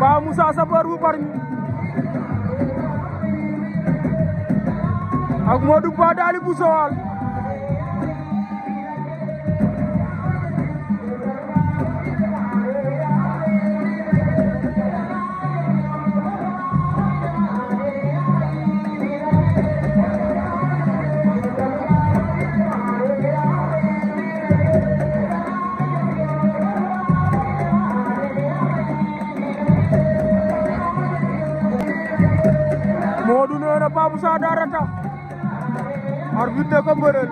Pa Moussa sapeur bu Bargny ak Modou Pa Dali bu Sowal Babou Sadarata arbitre ne ko mbëreel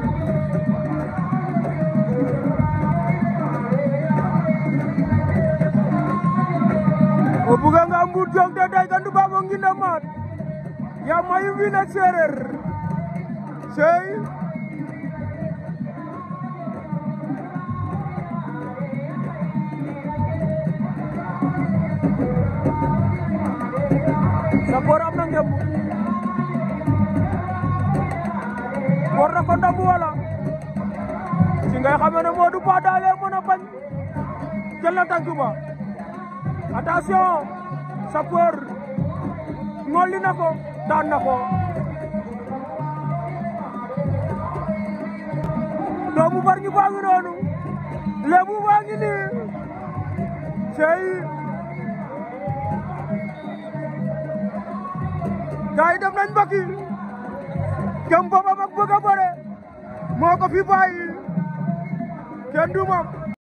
o buga nga mbuut jong te day gandu babo nginda maat ya mayu wiin ak sey Sapor am na ngemb war na ko ndàmbu wala si ngay xamee ne Modou na tànk ba attention sapeur ngolli na ko daan na ko doomu bari ñu baa ngi noonu lébu baa ngi sey gars dem nañ mbokk yi jëm boppam ak bëgg moo ko fi bàyyi kenn du